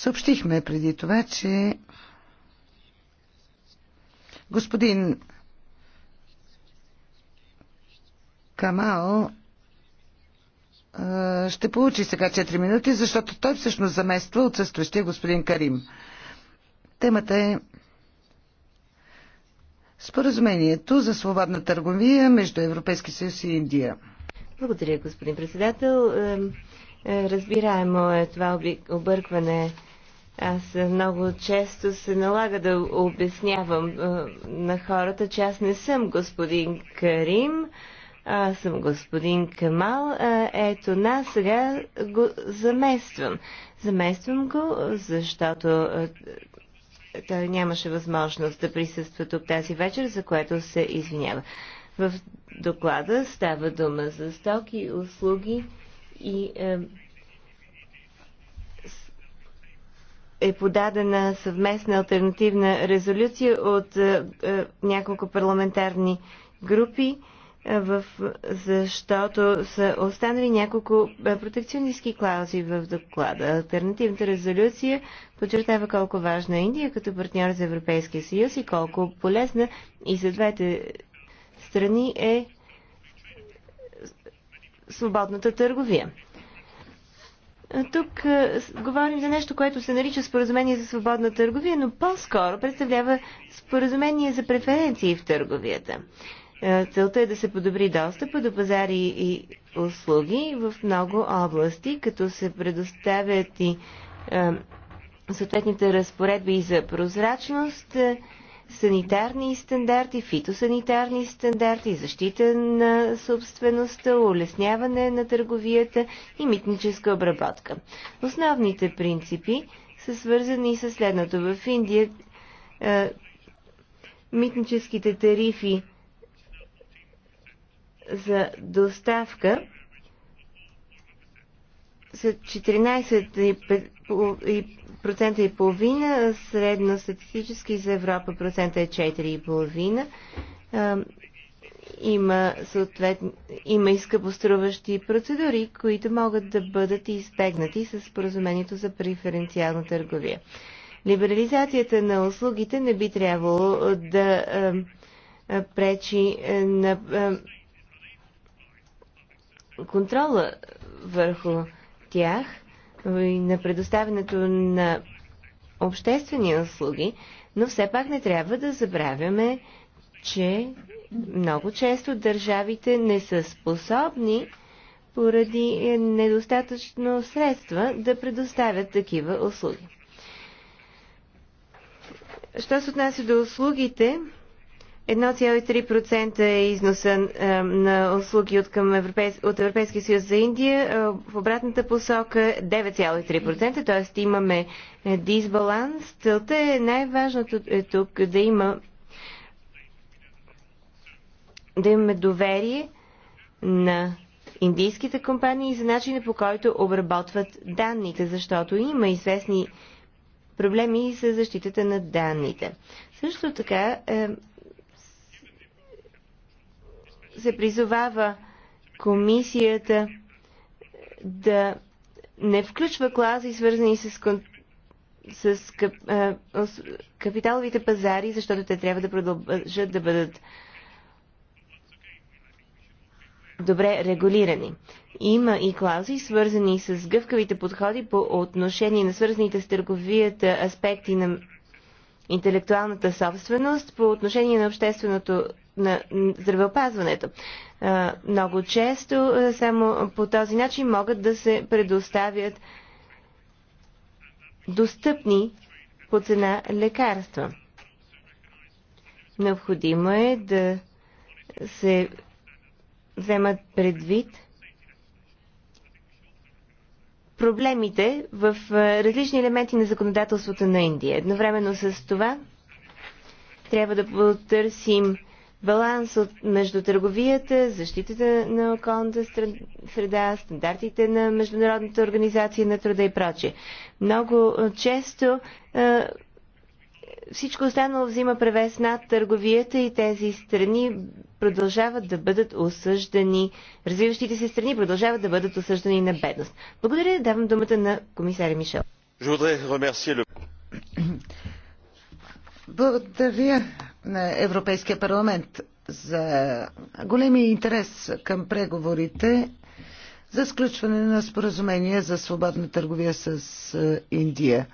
Съобщихме преди това, че господин Камал ще получи сега 4 минути, защото той всъщност замества отсъстващия господин Карим. Темата е Споразумението за свободна търговия между Европейски съюз и Индия. Благодаря, господин председател. Е, разбираемо е това объркване аз много често се налага да обяснявам е, на хората, че аз не съм господин Карим, аз съм господин Камал. Е, ето нас, сега го замествам. Замествам го, защото е, той нямаше възможност да присъства тук тази вечер, за което се извинява. В доклада става дума за стоки, услуги и е подадена съвместна альтернативна резолюция от е, е, няколко парламентарни групи, е, в, защото са останали няколко е, протекционистски клаузи в доклада. Альтернативната резолюция подчертава колко важна е Индия като партньор за Европейския съюз и колко полезна и за двете страни е свободната търговия. Е, тук а, е, говорим за нещо, което се нарича споразумение за свободна търговия, но по-скоро представлява споразумение за преференции в търговията. Е, целта е да се подобри достъпа до пазари и услуги в много области, като се предоставят и а, съответните разпоредби за прозрачност санитарни стандарти, фитосанитарни стандарти, защита на собствеността, улесняване на търговията и митническа обработка. Основните принципи са свързани с следното. В Индия е, митническите тарифи за доставка са 14% и половина, средно статистически за Европа процента е 4,5. Има, половина има и скъпоструващи процедури, които могат да бъдат избегнати с поразумението за преференциална търговия. Либерализацията на услугите не би трябвало да пречи на контрола върху тях и на предоставянето на обществени услуги, но все пак не трябва да забравяме, че много често държавите не са способни поради недостатъчно средства да предоставят такива услуги. Що се отнася до услугите, 1,3% е износа на услуги от, към Европейс, от Европейския съюз за Индия, в обратната посока 9,3%, е т.е. имаме е, дисбаланс. Целта е най-важното е тук да има да имаме доверие на индийските компании за начина по който обработват данните, защото има известни проблеми с защитата на данните. Също така се призовава комисията да не включва клази, свързани с, кон... с кап... капиталовите пазари, защото те трябва да продължат да бъдат добре регулирани. Има и клаузи, свързани с гъвкавите подходи по отношение на свързаните с търговията аспекти на интелектуалната собственост, по отношение на общественото на здравеопазването. Много често само по този начин могат да се предоставят достъпни по цена лекарства. Необходимо е да се вземат предвид проблемите в различни елементи на законодателството на Индия. Едновременно с това трябва да потърсим баланс от, между търговията, защитата на околната среда, стандартите на Международната организация на труда и прочие. Много често всичко останало взима превес над търговията и тези страни продължават да бъдат осъждани, развиващите се страни продължават да бъдат осъждани на бедност. Благодаря, давам думата на комисаря Мишел. Благодаря на Европейския парламент за големия интерес към преговорите за сключване на споразумение за свободна търговия с е, Индия.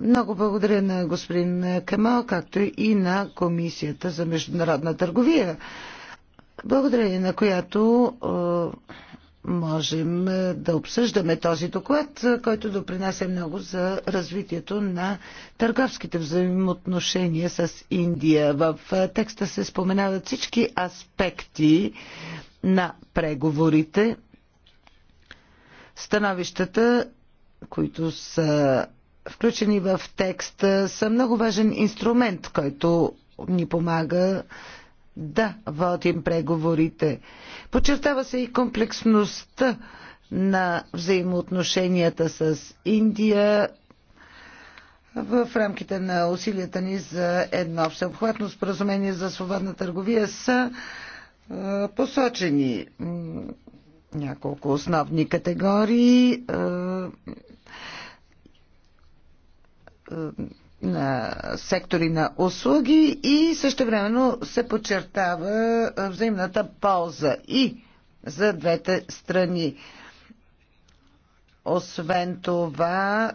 Много благодаря на господин Камал, както и на Комисията за международна търговия, благодарение на която е, можем е, да обсъждаме този доклад, е, който допринася много за развитието на търговските взаимоотношения с Индия. В е, текста се споменават всички аспекти на преговорите. Становищата, които са включени в текста, са много важен инструмент, който ни помага да водим преговорите. Почертава се и комплексността на взаимоотношенията с Индия в рамките на усилията ни за едно всеобхватно споразумение за свободна търговия са е, посочени няколко основни категории е, е, на сектори на услуги и също времено се подчертава взаимната полза и за двете страни. Освен това,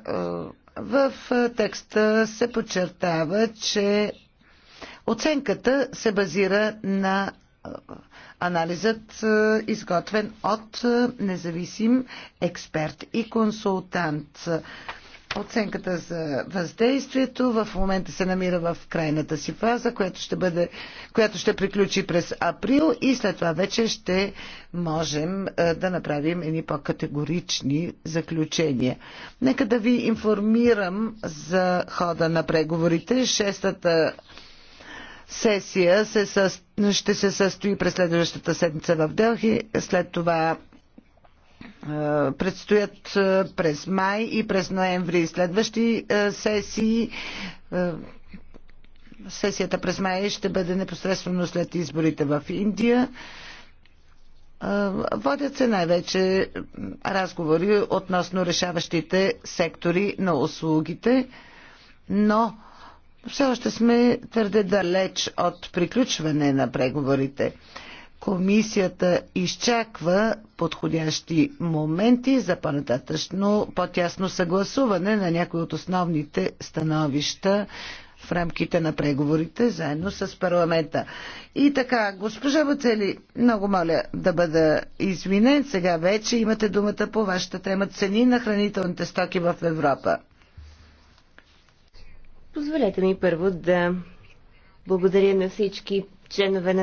в текста се подчертава, че оценката се базира на анализът изготвен от независим експерт и консултант. Оценката за въздействието в момента се намира в крайната си фаза, която ще, бъде, която ще приключи през април и след това вече ще можем да направим едни по-категорични заключения. Нека да ви информирам за хода на преговорите. Шестата сесия се със... ще се състои през следващата седмица в Делхи, след това е, предстоят е, през май и през ноември следващи е, сесии. Сесията през май ще бъде непосредствено след изборите в Индия. Водят се най-вече разговори относно решаващите сектори на услугите, но все още сме твърде далеч от приключване на преговорите. Комисията изчаква подходящи моменти за по-нататъчно по-тясно съгласуване на някои от основните становища в рамките на преговорите заедно с парламента. И така, госпожа Бацели, много моля да бъда извинен. Сега вече имате думата по вашата тема цени на хранителните стоки в Европа. Позволете ми първо да благодаря на всички членове на